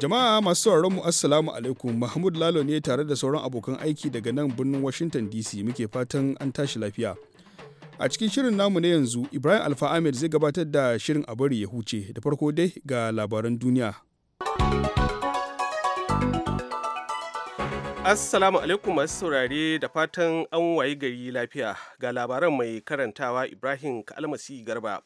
Jama'a masu sauraron mu Assalamu alaikum Mahmud Lalo ne tare da sauran abokan aiki daga nan birnin Washington DC muke fatan an tashi lafiya. A cikin shirin namu na yanzu Ibrahim Alfa Ahmed zai gabatar da shirin a bari ya huce da farko dai ga labaran duniya. Assalamu alaikum masu saurare da fatan an wayi gari lafiya ga labaran mai karantawa Ibrahim Kalmasi Garba.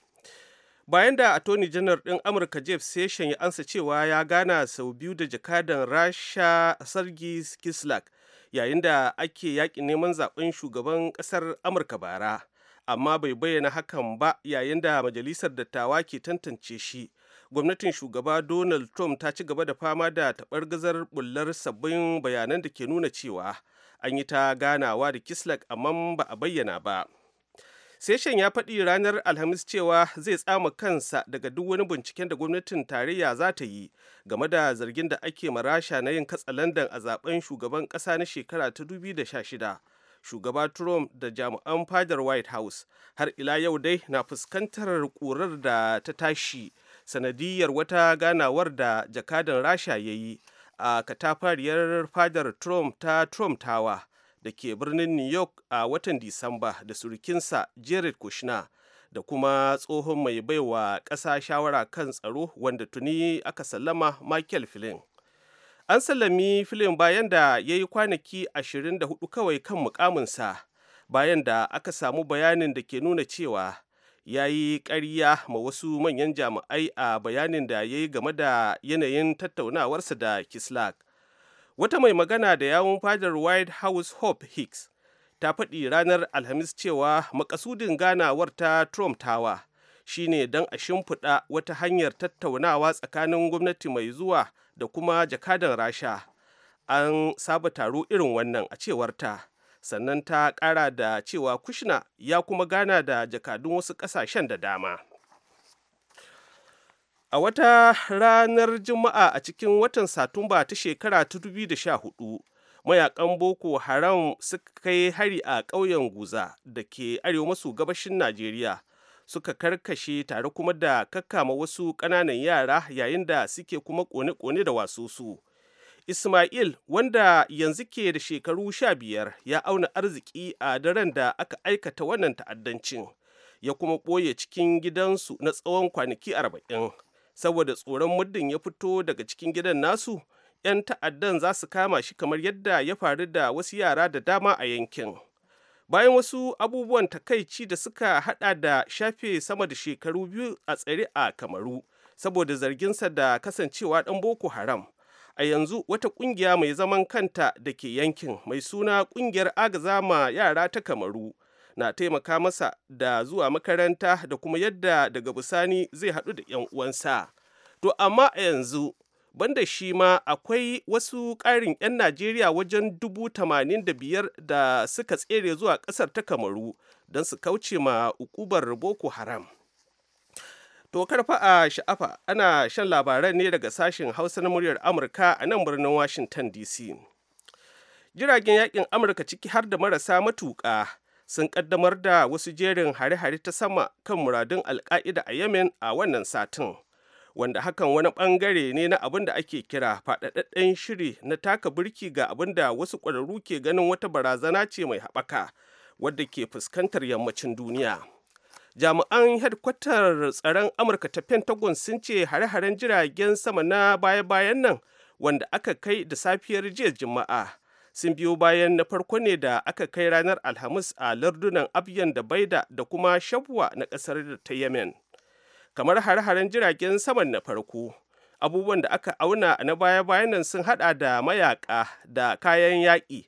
bayan da attorney janar din amurka jeff session ya ansa cewa ya gana sau biyu da jakadan rasha sargi kislak yayin da ake yaƙi neman zaben shugaban ƙasar amurka bara amma bai bayyana hakan ba yayin da majalisar dattawa ke tantance shi gwamnatin shugaba donald trump ta ci gaba da fama da taɓar gazar bullar sabbin bayanan da ke nuna cewa an yi ta ganawa da kislak amma ba a bayyana ba seshen ya faɗi ranar Alhamis cewa zai tsama kansa daga duk wani binciken da gwamnatin tarayya za ta yi game da zargin da ake marasha na yin landan a zaben shugaban ƙasa na shekara ta 2016. Shugaba Trump da jami'an fadar White House har ila yau dai na fuskantar ƙurar da ta tashi sanadiyar wata ganawar da jakadan Rasha ya yi a katafariyar fadar Trump ta Trump Tower. da ke birnin new york a watan disamba da surukinsa jared kushner da kuma tsohon mai baiwa ƙasa shawara kan tsaro wanda tuni aka sallama michael flynn an sallami filin bayan da ya yi kwanaki 24 kawai kan mukaminsa bayan da aka samu bayanin da ke nuna cewa ya yi ƙarya ma wasu manyan jami'ai a bayanin da ya yi game da yanayin tattaunawarsa da kislak wata mai magana da yawun fadar white house hope hicks ta faɗi ranar alhamis cewa makasudin ganawar ta trump tawa shine don a shimfiɗa wata hanyar tattaunawa tsakanin gwamnati mai zuwa da kuma jakadan rasha an saba taro irin wannan a cewarta sannan ta ƙara da cewa kushna ya kuma gana da jakadun wasu ƙasashen da dama a wata ranar juma'a a cikin watan satumba ta shekara ta hudu, mayakan boko haram suka kai hari a ƙauyen guza da ke arewa maso gabashin najeriya suka karkashe tare kuma da kakkama wasu ƙananan yara yayin da suke kuma ƙone-ƙone da wasu su ismail wanda yanzu ke da shekaru sha biyar ya auna arziki a daren da aka aikata wannan ta'addancin ya kuma ɓoye cikin gidansu na tsawon kwanaki arba'in saboda tsoron muddin ya fito daga cikin gidan nasu 'yan ta'addan za su kama shi kamar yadda ya faru da wasu yara da dama a yankin bayan wasu abubuwan takaici da suka hada da shafe sama da shekaru biyu a tsare a kamaru saboda zarginsa da kasancewa ɗan boko haram a yanzu wata ƙungiya mai zaman kanta da ke yankin mai suna kungiyar agazama yara ta kamaru na taimaka masa da zuwa makaranta da kuma yadda daga bisani zai haɗu da 'yan uwansa to amma a yanzu banda shi ma akwai wasu ƙarin 'yan najeriya wajen dubu tamanin da biyar da suka tsere zuwa ƙasar ta kamaru don su kauce ma ukubar boko haram to karfa a sha'afa ana shan labaran ne daga sashen hausa na muryar amurka a nan birnin washington dc jiragen yakin amurka ciki har da marasa matuƙa sun kaddamar da wasu jerin hare-hare ta sama kan muradun alka'ida a yemen a wannan satin wanda hakan wani bangare ne na abin da ake kira faɗaɗɗen shiri na taka birki ga abin da wasu ƙwararru ke ganin wata barazana ce mai haɓaka wadda ke fuskantar yammacin duniya jami'an hedkwatar tsaron amurka ta pentagon sun ce hare-haren jiragen sama na baya-bayan nan wanda aka kai da safiyar jiya juma'a sun biyo bayan na farko ne da aka kai ranar alhamis a lardunan abyan da baida da kuma shabwa na ƙasar ta yemen kamar har-haren jiragen saman na farko abubuwan da aka auna na baya-bayan nan sun hada da mayaka da kayan yaƙi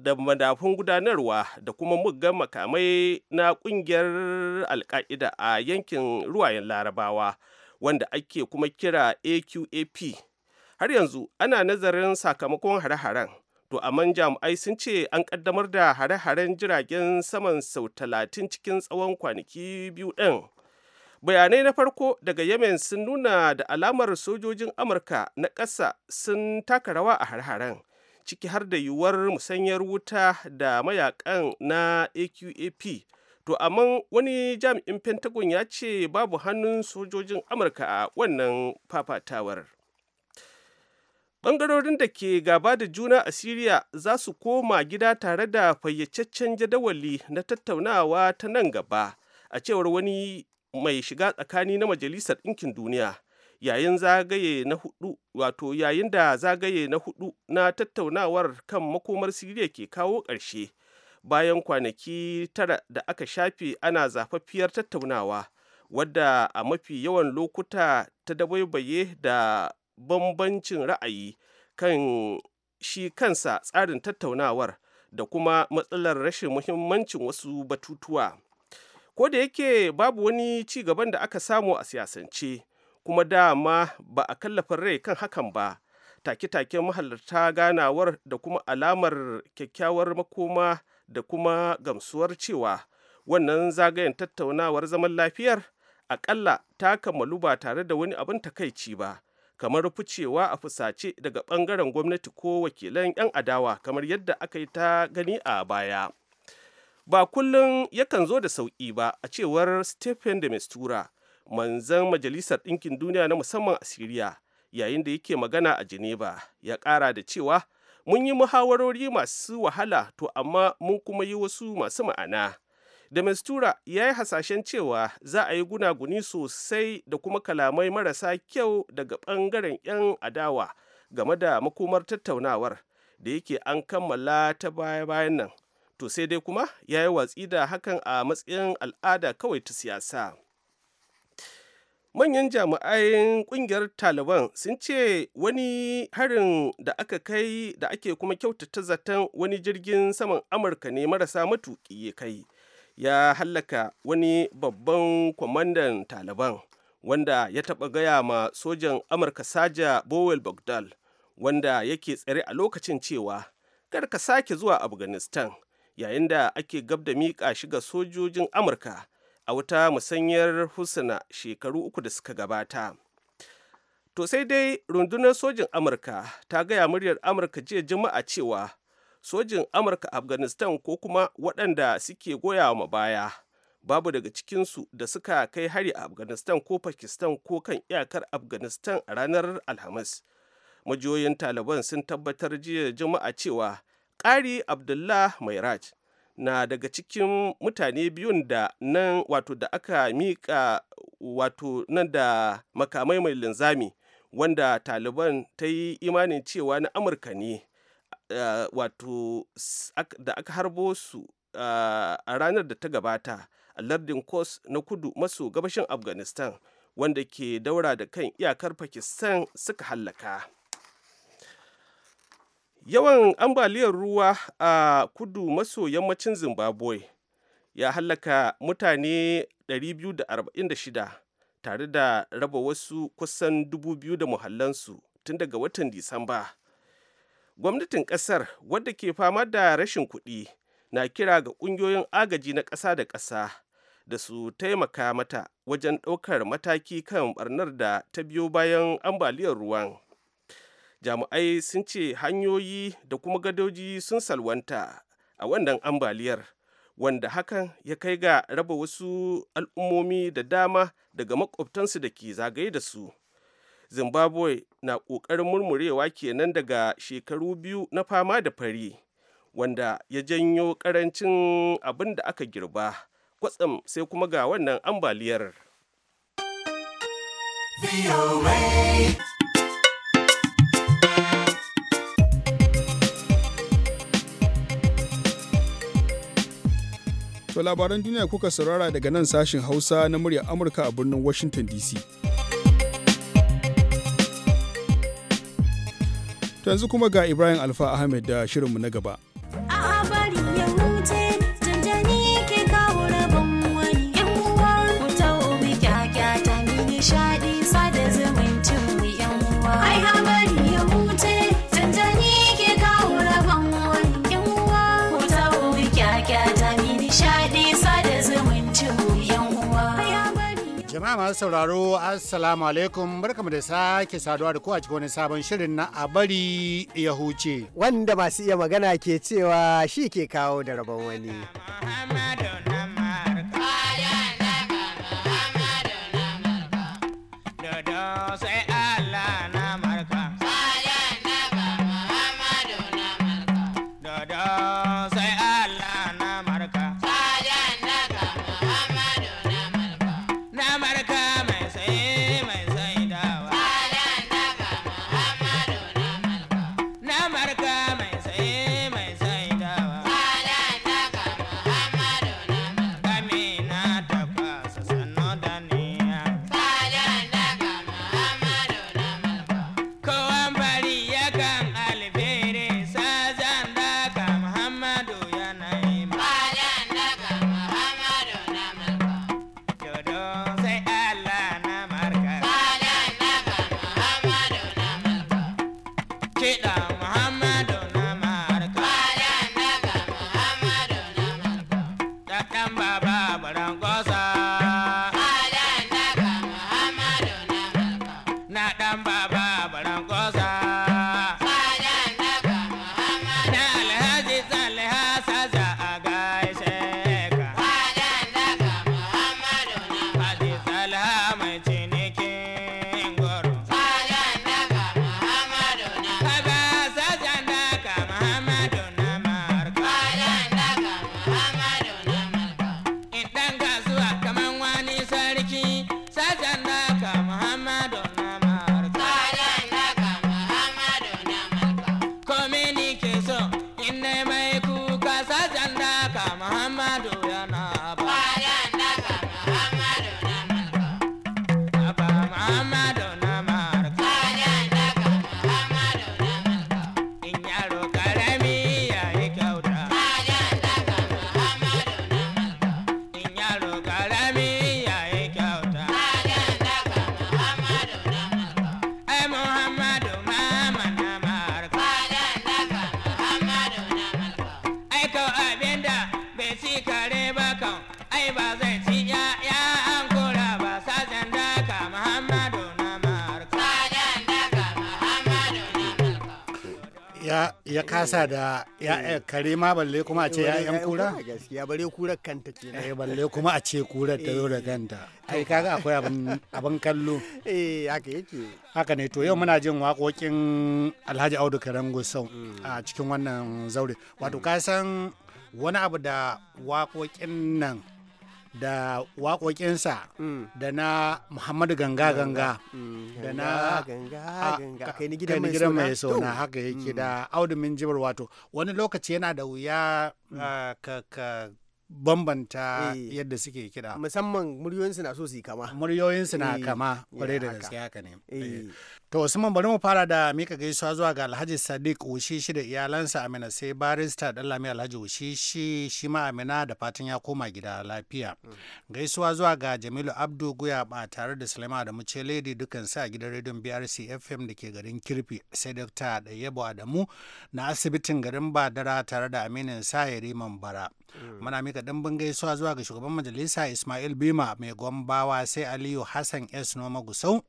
da madafun gudanarwa da kuma muggan makamai na ƙungiyar alka'ida a yankin ruwayen larabawa wanda ake kuma kira aqap har yanzu ana nazarin sakamakon hare-haren To amman jami'ai sun ce an kaddamar da hare-haren jiragen saman sau talatin cikin tsawon kwanaki biyu ɗin. Bayanai na farko daga Yemen sun nuna da alamar sojojin Amurka na ƙasa sun taka rawa a hare-haren, ciki har da yiwuwar musanyar wuta da mayakan na AQAP. To amma wani jami'in Pentagon ya ce babu hannun sojojin Amurka a wannan fafatawar. bangarorin da ke gaba da juna a Siriya za su koma gida tare da fayyacaccen jadawali na tattaunawa ta nan gaba, a cewar wani mai shiga tsakani na Majalisar Ɗinkin Duniya. Yayin zagaye na hudu, wato yayin da zagaye na hudu na tattaunawar kan makomar Siriya ke kawo ƙarshe. Bayan kwanaki tara da aka shafe ana zafaffiyar tattaunawa, wadda a mafi yawan lokuta ta dabaibaye da bambancin ra'ayi kan shi kansa tsarin tattaunawar da kuma matsalar rashin muhimmancin wasu batutuwa ko da yake babu wani ci gaban da aka samu a siyasance kuma dama ba a kallafa rai kan hakan ba take-taken mahalarta ganawar da kuma alamar kyakkyawar makoma da kuma gamsuwar cewa wannan zagayen tattaunawar zaman lafiyar akalla ta kammalu ba tare da wani abin takaici ba kamar ficewa a fusace daga ɓangaren gwamnati ko wakilan 'yan adawa kamar yadda aka yi ta gani a baya ba kullum yakan zo da sauƙi ba a cewar stephen de mistura manzan majalisar ɗinkin duniya na musamman a syria yayin da yake magana a geneva ya ƙara da cewa mun yi muhawarori masu wahala to amma mun kuma yi wasu masu ma'ana da ya yi hasashen cewa za a yi gunaguni sosai da kuma kalamai marasa kyau daga ɓangaren 'yan adawa game da makomar tattaunawar da yake an kammala ta baya-bayan nan to sai dai kuma ya yi watsi da hakan a matsayin al'ada kawai ta siyasa manyan jami'ai kungiyar taliban sun ce wani harin da aka kai da ake kuma kyautata zaton wani jirgin saman amurka ne marasa matuƙi ya kai ya hallaka wani babban kwamandan taliban wanda ya taɓa gaya ma sojan amurka saja bowel bogdal wanda yake tsare a lokacin cewa kar ka sake zuwa afghanistan yayin da ake gab da miƙa shi ga sojojin amurka a wata musanyar husna shekaru uku da suka gabata to sai dai rundunar sojin amurka ta gaya muryar amurka jiya juma'a cewa sojin amurka afghanistan ko kuma waɗanda suke goya ma baya babu daga cikinsu da suka kai hari a afghanistan ko pakistan ko kan iyakar afghanistan a ranar alhamis majiyoyin taliban sun tabbatar jiya juma'a cewa ƙari abdullah mairaj na daga cikin mutane biyun da nan wato da aka miƙa wato nan da makamai mai linzami wanda taliban ta yi imanin cewa na amurka ne Eh, wato da aka harbo su ah, a ranar da ta gabata a lardin kos na kudu maso gabashin afghanistan wanda ke daura da kan iyakar pakistan suka hallaka yawan ambaliyar ruwa a kudu maso yammacin zimbabwe ya hallaka mutane 246 tare da raba wasu kusan 2,000 da muhallansu tun daga watan disamba gwamnatin ƙasar wadda ke fama da rashin kuɗi na kira ga ƙungiyoyin agaji na ƙasa da ƙasa da su taimaka mata wajen ɗaukar mataki kan ɓarnar da ta biyo bayan ambaliyar ruwan jami'ai sun ce hanyoyi da kuma gadoji sun salwanta a wannan ambaliyar wanda hakan ya kai ga raba wasu al'ummomi da dama daga makwabtansu da ke zagaye da su zimbabwe na ƙoƙarin murmurewa kenan daga shekaru biyu na fama da fari wanda ya janyo ƙarancin abin da aka girba kwatsam sai kuma ga wannan ambaliyar To labaran duniya kuka saurara daga nan sashin Hausa na muryar Amurka a birnin Washington DC. yanzu kuma ga Ibrahim Alfa Ahmed da shirinmu na gaba. jama'a masu sauraro assalamu alaikum barkamu da sake saduwa da kowace a cikin wani sabon shirin na a bari ya huce wanda masu iya magana ke cewa shi ke kawo da rabon wani. sa da ya'ya eh. kare ma balle kuma a ce eh, 'Yan kura gaskiya bare kura kanta ke eh balle kuma a ce kura ta yau da ganta eh. ai kaga akwai abin kallo eh haka yake haka ne to yau muna jin waƙoƙin Alhaji Audu Karango sau mm. a cikin wannan zaure wato ka san wani abu da waƙoƙin nan da waƙoƙinsa mm. da na muhammadu ganga ganga mm. da na kai gidan mai sauna haka yake mm. da audumin jibar wato wani lokaci yana da wuya ka bambanta eh. yadda suke kiɗa musamman muryoyinsu na so su yi kama muryoyinsu na eh, kama kwarai da gaske haka ne eh. To Usman bari mu fara da mika gaisuwa zuwa ga Alhaji Sadiq Wushishi da iyalansa Amina sai barista lami Alhaji Wushishi shi ma Amina da fatan ya koma gida lafiya. Mm. Gaisuwa zuwa ga Jamilu Abdu Guya ba tare da Sulaiman Adamu ledi dukan sa gidan rediyon BRC FM da ke garin Kirfi sai Dr. Dayyabo Adamu na asibitin garin Badara tare da Aminin sa bara Bara. Mm. Muna mika dimbin gaisuwa zuwa ga shugaban majalisa Ismail Bima mai gombawa sai Aliyu Hassan S Noma Gusau.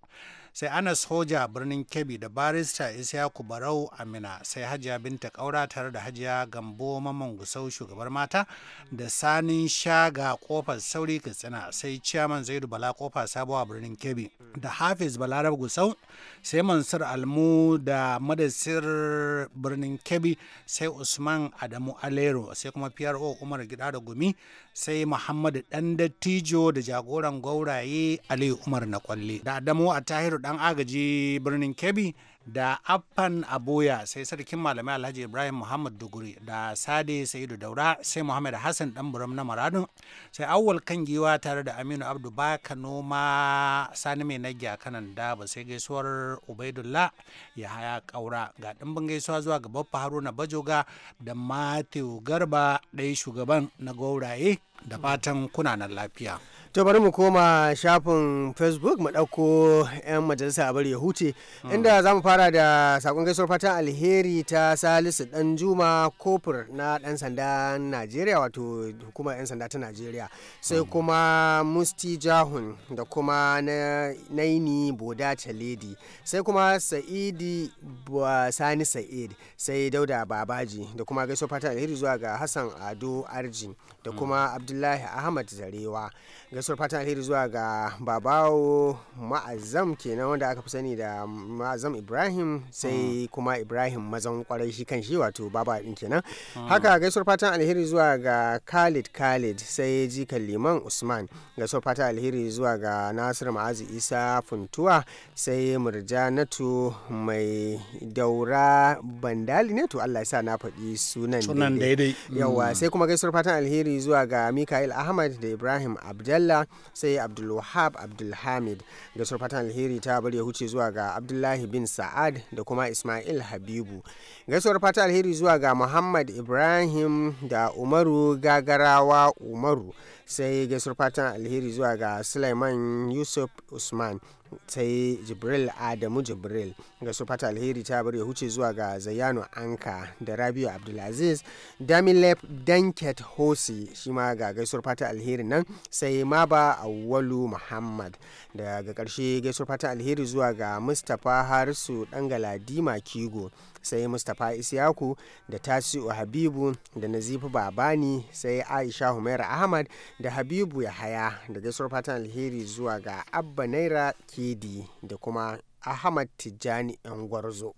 sai anas hoja birnin kebbi da barista isyaku barau amina sai hajiya binta kaura tare da hajiya gambo maman gusau shugabar mata da sanin shaga kofar sauri katsina sai ciyaman zaidu bala kofa sabuwa birnin kebbi da hafiz balarab gusau sai mansur almu da madasir birnin kebbi sai usman adamu alero sai kuma pro umar gida da gumi sai muhammadu dan dattijo da jagoran gauraye aliyu umar na kwalle da adamu a tahiru dan agaji birnin kebbi da affan aboya sai sarkin malamai alhaji ibrahim muhammad duguri da sade sa'idu daura sai muhammad hassan dan buram na maradun sai awwal kan giwa tare da aminu abdu baka noma sani mai nagya kanan ba. sai gaisuwar ubaidullah ya haya kaura ga dimbin gaisuwa zuwa ga babba haruna bajoga da matthew garba ɗaya shugaban na gauraye da fatan kuna nan lafiya to bari mu koma shafin facebook mu ɗauko 'yan majalisa a bari ya huce hmm. inda za mu fara da sakon gaisuwar fatan alheri ta salisu dan juma kofur na ɗan sanda najeriya wato hukumar 'yan sanda ta najeriya sai hmm. kuma musti jahun da kuma naini boda chaledi sai kuma sa'idi sani sa'id sai dauda babaji da kuma gaisuwar fatan alheri zuwa ga hassan ado arji da hmm. kuma abdullahi ahmad zarewa gaisuwar fatan alheri zuwa ga babawo ma'azam kenan wanda aka fi sani da ma'azam ibrahim sai mm. kuma ibrahim mazan kwarai shi kan shi wato baba din kenan mm. haka gaisuwar fatan alheri zuwa ga khalid khalid sai jikan liman usman gaisuwar fatan alheri zuwa ga nasir ma'azu isa funtuwa sai murjanatu mai daura bandali ne to allah ya sa na faɗi sunan daidai yawa mm. sai kuma gaisuwar fatan alheri zuwa ga mikael ahmad da ibrahim abdalla sai abdulwahab abdulhamid da surfatan alheri ta bar ya huce zuwa ga abdullahi bin sa'ad da kuma ismail habibu gaisuwar fata alheri zuwa ga muhammad ibrahim da umaru gagarawa umaru sai gaisuwar fatan alheri zuwa ga Suleiman yusuf usman sai jibril adamu jibril ga su fata alheri ta bar ya huce zuwa ga zayano anka da rabiu abdulaziz damilep danket hosi shi ma ga gaisuwar fata alheri nan sai maba Walu muhammad daga ƙarshe gaisuwar fata alheri zuwa ga mustapha harisu dan galadima kigo sai mustapha isiaku da tasiu habibu da nazifu babani sai aisha humaira ahmad da habibu yahaya da gasar fatan alheri zuwa ga abba naira kedi da kuma ahmad tijjani yan gwarzo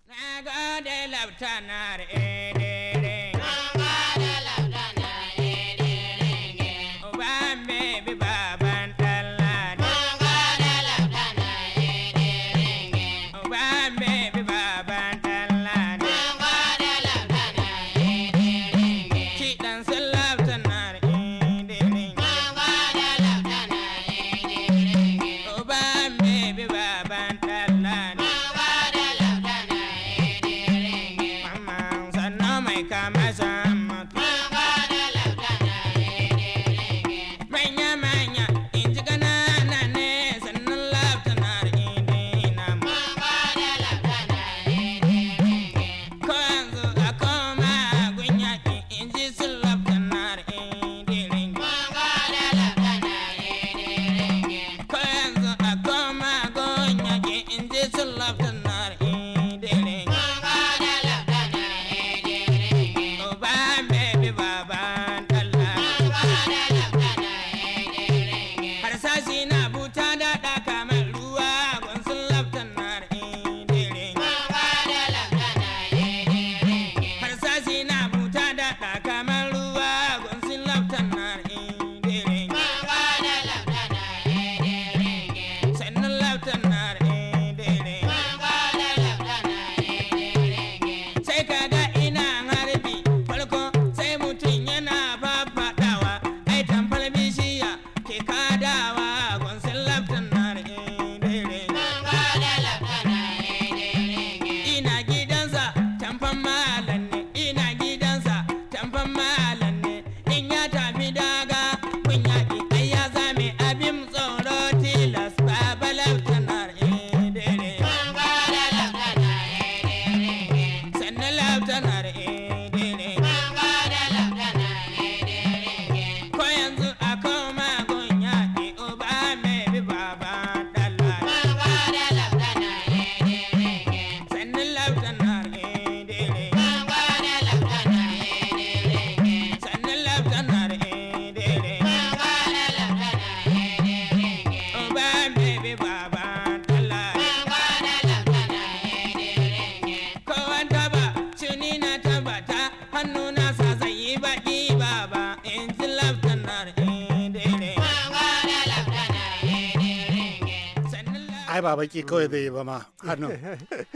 baki kawai zai yi ba ma hannu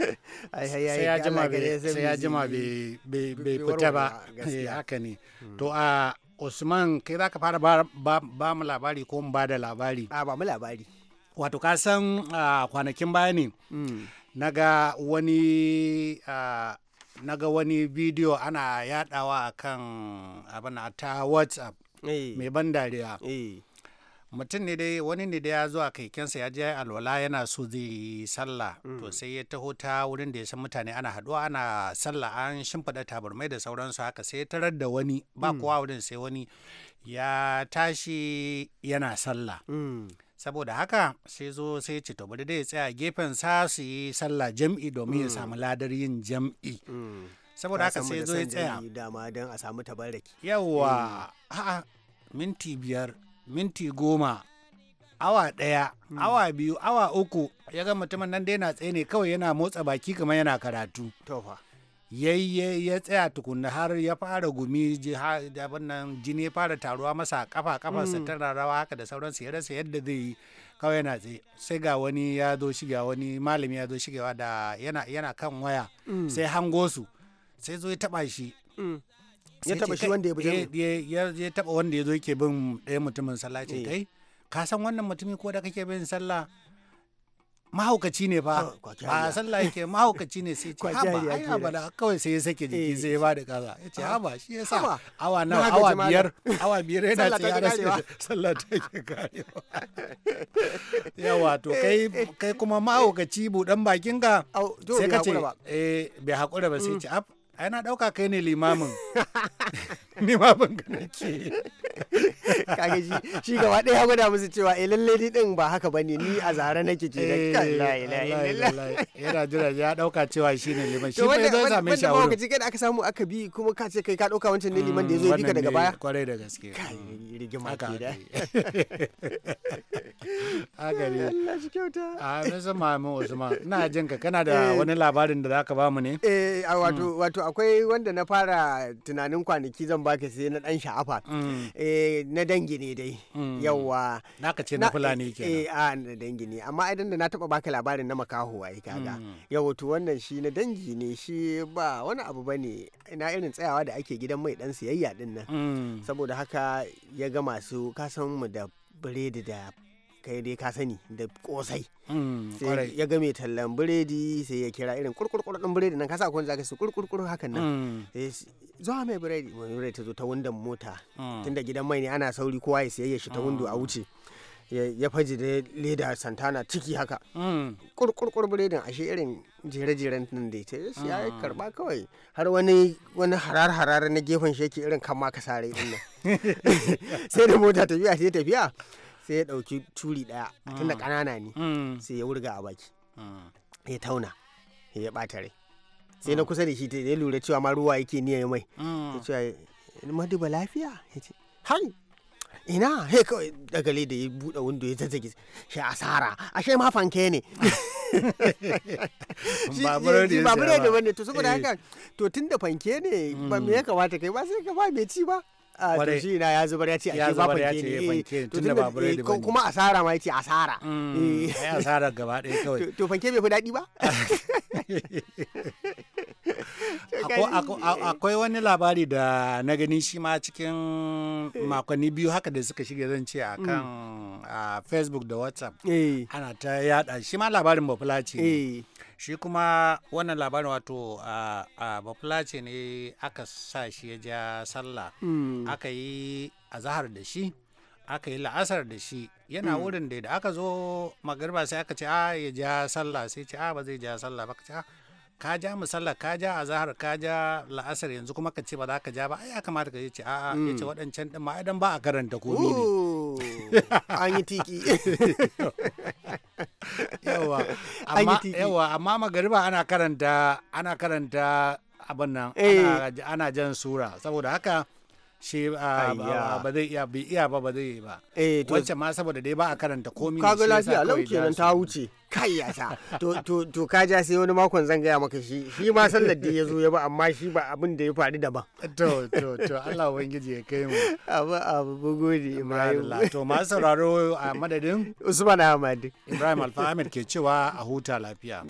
sai ya jima bai fita ba eh, haka ne hmm. to a usman kai za ka fara ba mu labari ko mu ba da labari a ba mu labari wato ka san kwanakin baya ne hmm. na ga wani bidiyo ana yadawa kan abin ta whatsapp eh. mai ban dariya eh. mutum ne dai wani ne da ya zo a kaikensa ya je alwala yana so zai sallah to mm. sai ya taho ta wurin da ya san mutane ana haduwa ana sallah an shimfiɗa tabarmai da sauransu haka sai ya tarar da wani ba mm. kowa wurin sai wani ya tashi yana sallah mm. saboda haka sai zo sai ce to bari dai ya tsaya gefen sa su yi sallah jam'i domin ya samu ladar yin jam'i saboda haka sai zo ya tsaya dama don a samu tabarraki yawa a'a minti biyar minti goma awa ɗaya hmm. awa biyu awa uku ya ga mutumin nan da yana tsaye ne kawai yana motsa baki kamar yana karatu tofa yayi ya tsaya tukunna har ya fara gumi abin nan jini ya fara taruwa masa kafa kafarsa hmm. ta rawa haka da sauransu ya rasa yadda zai yi kawai yana tsaye sai ga wani ya zo shiga wani malami ya zo shigewa da yana kan waya hmm. sai hango su sai zo ya taba shi hmm. ya taba shi wanda ya bi eh, ya taba wanda ya zo yake bin ɗaya mutumin sallah ce eh. kai ka san wannan mutumi ko da kake bin sallah mahaukaci ne fa oh, a sallah yake mahaukaci ne sai ce ba ai ba da kawai sai ya sake jiki eh. sai ya bada kaza ya ce ba shi ya sa awa na awa biyar awa biyar yana ce ya rasa sallah ta ke karewa ya wato kai kai kuma mahaukaci budan bakin ka sai ka ce eh bai hakura ba sai mm. ce ab ai na ɗauka kai ne limamin limamin ga nake kage shi shi gaba ɗaya gwada musu cewa eh lalle ni din ba haka bane ni a zare nake ke da la ilaha eh, illallah yana jira ya ɗauka cewa shi ne liman shi bai zo same shi a wurin wanda ba kada aka samu aka bi kuma ka ce kai ka ɗauka wancan ne liman da ya zo mm, bi ka daga baya kwarai da gaske kai mm, rigima ke da haka ne Allah shi kyauta a na san Usman ina jinka ka kana da eh. wani labarin da zaka ba mu ne eh wato mm. wato akwai wanda na fara tunanin kwanaki zan baka sai na dan sha'afa mm. eh, na dangi ne dai mm. yawa naka ce na fulani ke eh, a na dangi ne amma idan da na taba baka labarin na makaho ai kaga mm. yawa to wannan shi na dangi ne shi ba wani abu bane ina irin tsayawa da ake gidan mai dan siyayya din nan saboda haka ya ga masu kasan mu da biredi da kai dai ka sani da kosai mm, sai ya ga mai tallan biredi sai ya kira irin kurkurkur din biredi nan ka sa ka zaka su kurkurkur hakan nan mm. eh, zuwa mai biredi mai biredi ta zo ta wundan mota mm. tunda gidan mai ne ana sauri kowa ya sayayya shi ta wundo a wuce ya faji da leda santana ciki haka kurkurkur biredin ashe irin jere-jeren nan da ita ya karba kawai har wani wani harar-harar na gefen shi yake irin kama kasare din sai da mota tafiya sai tafiya sai ya ɗauki turi ɗaya tunda mm. ƙanana ne mm. sai ya wurga a baki mm. ya tauna ya ɓata rai sai na kusa da shi ta ya lura cewa ma ruwa yake niyan mai ya ce maduba lafiya ya ce hai ina he kawai dagale da ya buɗe windo ya zazzage shi asara ashe ma fanke ne ne da wani to saboda haka eh. to tun da fanke ne ba me ya kamata kai ba sai ka ba mai ci ba to shi na ya zubar ya ce a ba fanke ne tunda ba burodi eh, ba kuma asara ma ya ce asara mm, eh asara gaba ɗaya kawai to fanke bai fi daɗi ba eh. akwai wani labari da na gani shi ma cikin eh. makonni biyu haka da suka shiga zan ce a mm. kan facebook da whatsapp ana ta yada shi ma labarin bafulaci ne shi kuma wannan labarin wato a bafulace ne aka sa shi ya ja sallah hmm. aka yi azahar da shi aka yi la'asar da shi yana hmm. wurin da aka zo magarba sai aka ce a ah, ya ja sallah sai ce a ah, ba zai ja sallah ba ka ce a ah, ka ja misalla ka ja azahar ka ja la'asar yanzu kuma ka ce ba za ka ja ba ai ya kamata ka ce a'a ya ce mm. waɗancan ɗin ma idan ba a karanta komi ne an yi tiki yawa amma amma magariba ana karanta ana karanta abin nan ana eh. jan sura saboda haka shi ba zai iya ba ba zai yi ba eh, wacce ma saboda dai ba a karanta komi kaga lafiya lau kenan ta wuce kai ya sa to ka ja sai wani makon zan gaya maka shi shi ma sallar da ya zo ya ba amma shi ba abin da ya faru ba to to to Allah ubangiji ya kai mu abu abu bugudi Ibrahim to ma sauraro a madadin Usman Ahmad Ibrahim Alfa ke cewa a huta lafiya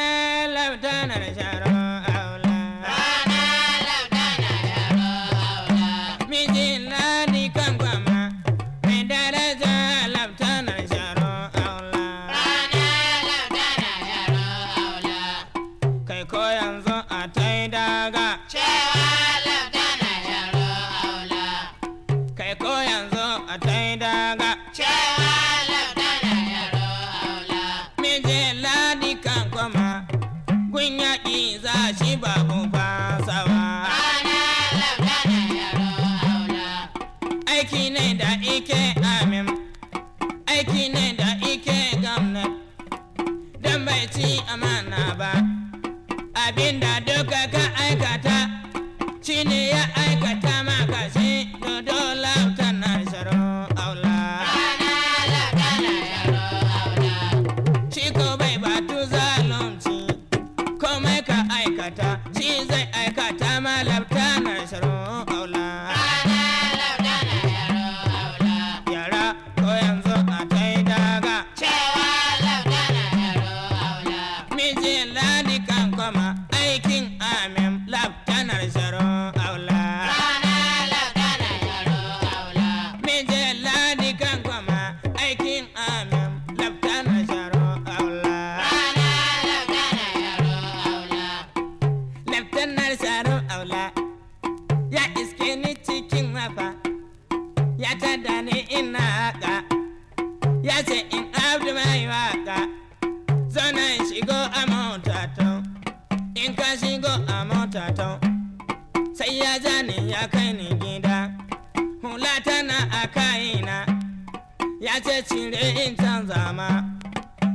da eh, ma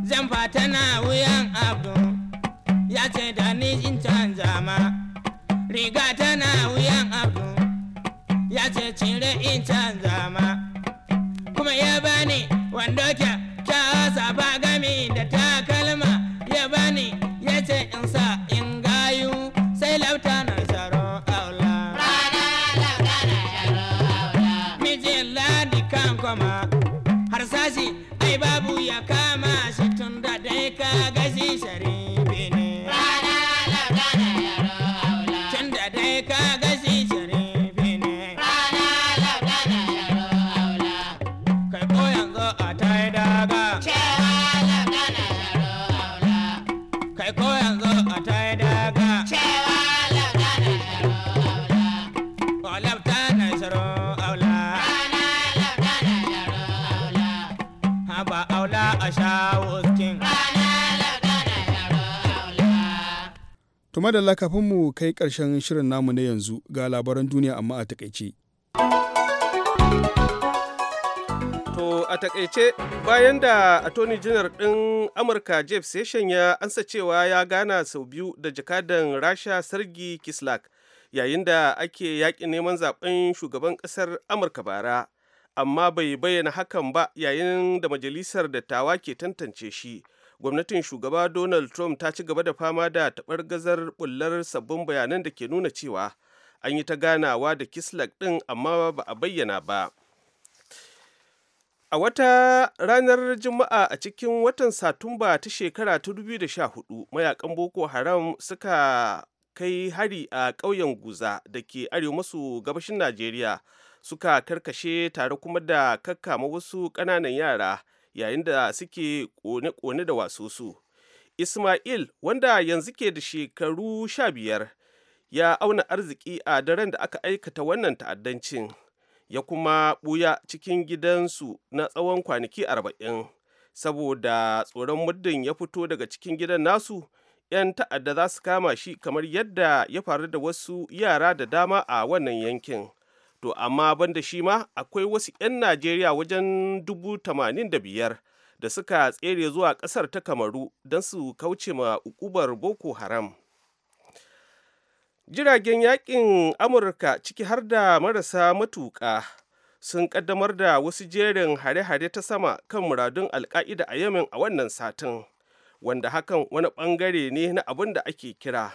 jamfa tana wuyan ya ce da ni in riga tana wuyan ya ce cire in kuma ya bani wando Tuma da kafin mu kai ƙarshen shirin namu na yanzu ga labaran duniya amma a takaice. To a takaice bayan da Attorney General ɗin Amurka Jeff Session ya ansa cewa ya gana sau biyu da jakadan Rasha Sergi Kislak yayin da ake yaƙi neman zaɓen shugaban ƙasar Amurka bara. Amma bai bayyana hakan ba yayin da majalisar dattawa ke tantance shi. gwamnatin shugaba donald trump ta ci gaba da fama da taɓargazar gazar bullar sabbin bayanan da ke nuna cewa an yi ta ganawa da kislak ɗin amma ba a bayyana ba a wata ranar juma'a a cikin watan satumba ta shekara ta 2014 mayakan boko haram suka kai hari a ƙauyen guza da ke arewa maso gabashin najeriya suka karkashe tare kuma da kakkama wasu ƙananan yara yayin da suke kone-kone da wasu wasusu ismail wanda yanzu ke da shekaru sha biyar ya auna arziki a daren da aka aikata wannan ta'addancin ya kuma buya cikin gidansu na tsawon kwanaki arba'in saboda tsoron muddin ya fito daga cikin gidan nasu 'yan ta'adda za su kama shi kamar yadda ya faru da wasu yara da dama a wannan yankin to amma banda shi ma akwai wasu 'yan najeriya wajen dubu tamanin da biyar da suka tsere zuwa ƙasar ta kamaru don su kauce ma ukubar boko haram jiragen yakin amurka ciki har da marasa matuka, sun ƙaddamar da wasu jerin hare-hare ta sama kan muradun alka'ida a yamin a wannan satin wanda hakan wani ɓangare ne na abin da ake kira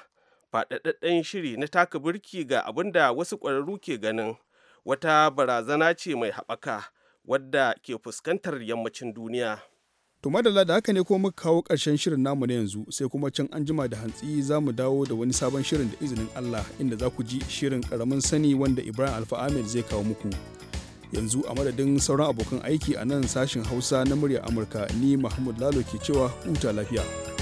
faɗaɗɗen shiri na taka birki ga abin da wasu ƙwararru ke ganin wata barazana ce mai haɓaka wadda ke fuskantar yammacin duniya. To madalla da haka ne ko muka kawo ƙarshen shirin namu na yanzu sai kuma can an jima da hantsi za mu dawo da wani sabon shirin da izinin Allah inda za ku ji shirin ƙaramin sani wanda Ibrahim Alfa Ahmed zai kawo muku. Yanzu a madadin sauran abokan aiki a nan sashin Hausa na murya Amurka ni Mahmud Lalo ke cewa huta lafiya.